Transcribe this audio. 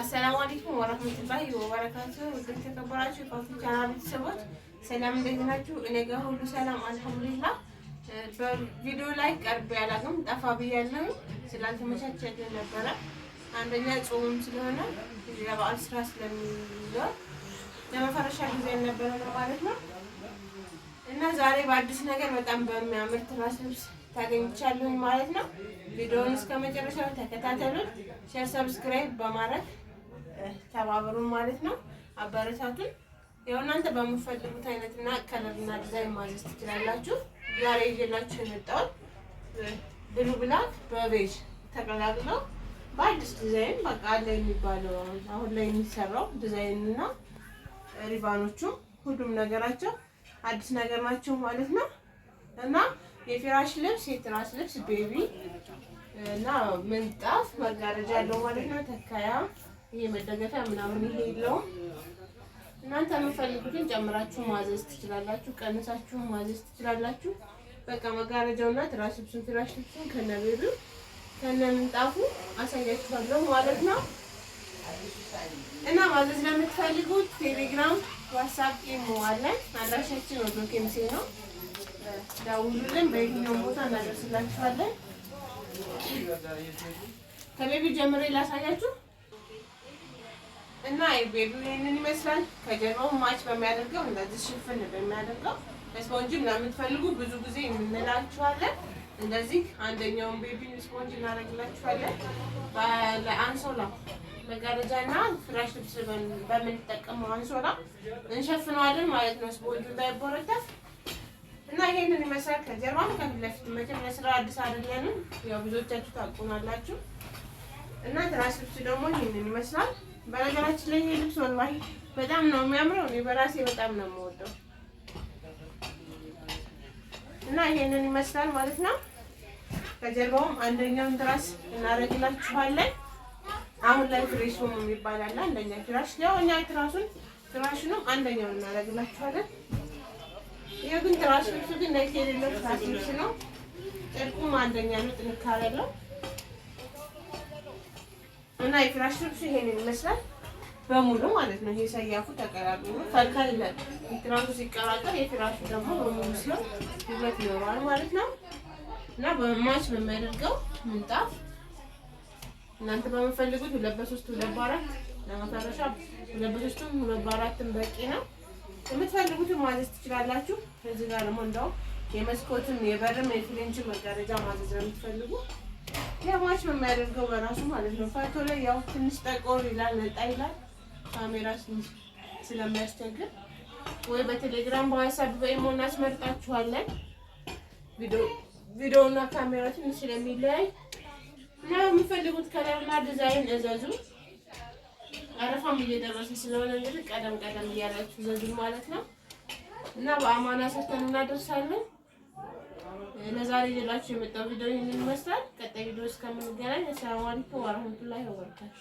አሰላሙ አለይኩም ወረህመቱላሂ ወበረካቱ። የተከበራችሁ ቻናል ቤተሰቦች ሰላም ናችሁ? እኔ ጋር ሁሉ ሰላም አልሐምዱሊላህ። በቪዲዮ ላይ ቀርብ ጠፋ ብያለሁ። ነበረ አንደኛ ጾሙም ስለሆነ ለበዓል ስራ ለመፈረሻ ጊዜ ነበረ ነው ማለት ነው። እና ዛሬ በአዲስ ነገር በጣም በሚያምር ትራስ ልብስ ታገኝቻለሁኝ ማለት ነው። ቪዲዮውን እስከ መጨረሻው ተከታተሉን። ሼር፣ ሰብስክራይብ በማድረግ ተባብሩ ማለት ነው። አበረታቱን። ያው እናንተ በምፈልጉት አይነትና ከለርና ዲዛይን ማዘዝ ትችላላችሁ። ዛሬ ይዤላችሁ የመጣሁት ብሉ ብላክ በቤጅ ተቀላቅለው በአዲስ ዲዛይን በቃ አለ የሚባለው አሁን ላይ የሚሰራው ዲዛይንና ሪባኖቹ ሁሉም ነገራቸው አዲስ ነገር ናቸው ማለት ነው እና የፊራሽ ልብስ፣ የትራስ ልብስ፣ ቤቢ እና ምንጣፍ መጋረጃ ያለው ማለት ነው ተካያ ይሄ መደገፊያ ምናምን ይሄ የለውም። እናንተ የምትፈልጉትን ጨምራችሁ ማዘዝ ትችላላችሁ፣ ቀንሳችሁ ማዘዝ ትችላላችሁ። በቃ መጋረጃውና ትራስ ልብሱን ትራስ ልብሱን አሳያችኋለሁ ማለት ነው። እና ማዘዝ ለምትፈልጉት ቴሌግራም፣ ዋትሳፕ፣ ኢሞ አለን። አድራሻችን ኬሚሴ ነው። ደውሉልን፣ በየትኛውም ቦታ እናደርስላችኋለን። ከቤቢ ጀምሬ ላሳያችሁ እና ቤቢ ይህንን ይመስላል። ከጀርባው ማች በሚያደርገው እንደዚህ ሽፍን በሚያደርገው ስፖንጅ ምናምን የምትፈልጉ ብዙ ጊዜ እንላችኋለን። እንደዚህ አንደኛውን ቤቢ ስፖንጅ እናደርግላችኋለን። ለአንሶላ መጋረጃ እና ፍራሽ ልብስ በምንጠቀመው አንሶላ እንሸፍነዋለን ማለት ነው፣ ስፖንጁ እንዳይቦረታል። እና ይሄንን ይመስላል። ከጀርባም ከፊት ለፊት መቼም ለስራ አዲስ አይደለንም፣ ያው ብዙዎቻችሁ ታውቁናላችሁ። እና ትራስ ልብስ ደግሞ ይህንን ይመስላል። በነገራችን ላይ ልብስ ወላሂ በጣም ነው የሚያምረው። እኔ በራሴ በጣም ነው የምወደው እና ይሄንን ይመስላል ማለት ነው። ከጀርባውም አንደኛውን ትራስ እናደርግላችኋለን። አሁን ላይ ፍሬሽ ሆም የሚባል አለ። አንደኛ ፍራሽ ያው እኛ ትራሱን ትራሹንም አንደኛውን እናደርግላችኋለን። ይሄ ግን ትራስ ግን ነው። ጨርቁም አንደኛ ነው፣ ጥንካሬ አለው። እና የፍራሽ ልብሱ ይሄንን ይመስላል በሙሉ ማለት ነው። ይሄ ሰያፉ ተቀራርቦ ፈልከል ይላል። ትራሱ ሲቀራቀር የፍራሹ ደግሞ በሙሉ ሲሆን ውበት ይኖረዋል ማለት ነው። እና በማች በሚያደርገው ምንጣፍ እናንተ በምፈልጉት ሁለት በሶስት ሁለት በአራት ለመፈረሻ ሁለት በሶስትም ሁለት በአራትም በቂ ነው። የምትፈልጉትን ማዘዝ ትችላላችሁ። እዚህ ጋር ደግሞ እንደውም የመስኮትም የበርም የፍሬንችን መጋረጃ ማዘዝ ነው የምትፈልጉ ከማች በሚያደርገው በራሱ ማለት ነው። ፋቶ ላይ ያው ትንሽ ጠቆር ይላል፣ ነጣ ይላል። ካሜራ ስለሚያስቸግር ወይ በቴሌግራም በዋትስአፕ በኢሞ እናስመርጣችኋለን። ቪዲዮ እና ካሜራ ትንሽ ስለሚለያይ እና የሚፈልጉት ከለርና ዲዛይን እዘዙ። አረፋም እየደረሰ ስለሆነ እንግዲህ ቀደም ቀደም እያላችሁ ዘዙ ማለት ነው እና በአማና ሰርተን እናደርሳለን። ለዛሬ ይዤላችሁ የመጣው ቪዲዮ ይህንን ይመስላል። ቀጣይ ቪዲዮ እስከምንገናኝ አሰላሙ አለይኩም ወራህመቱላሂ ወበረካቱ።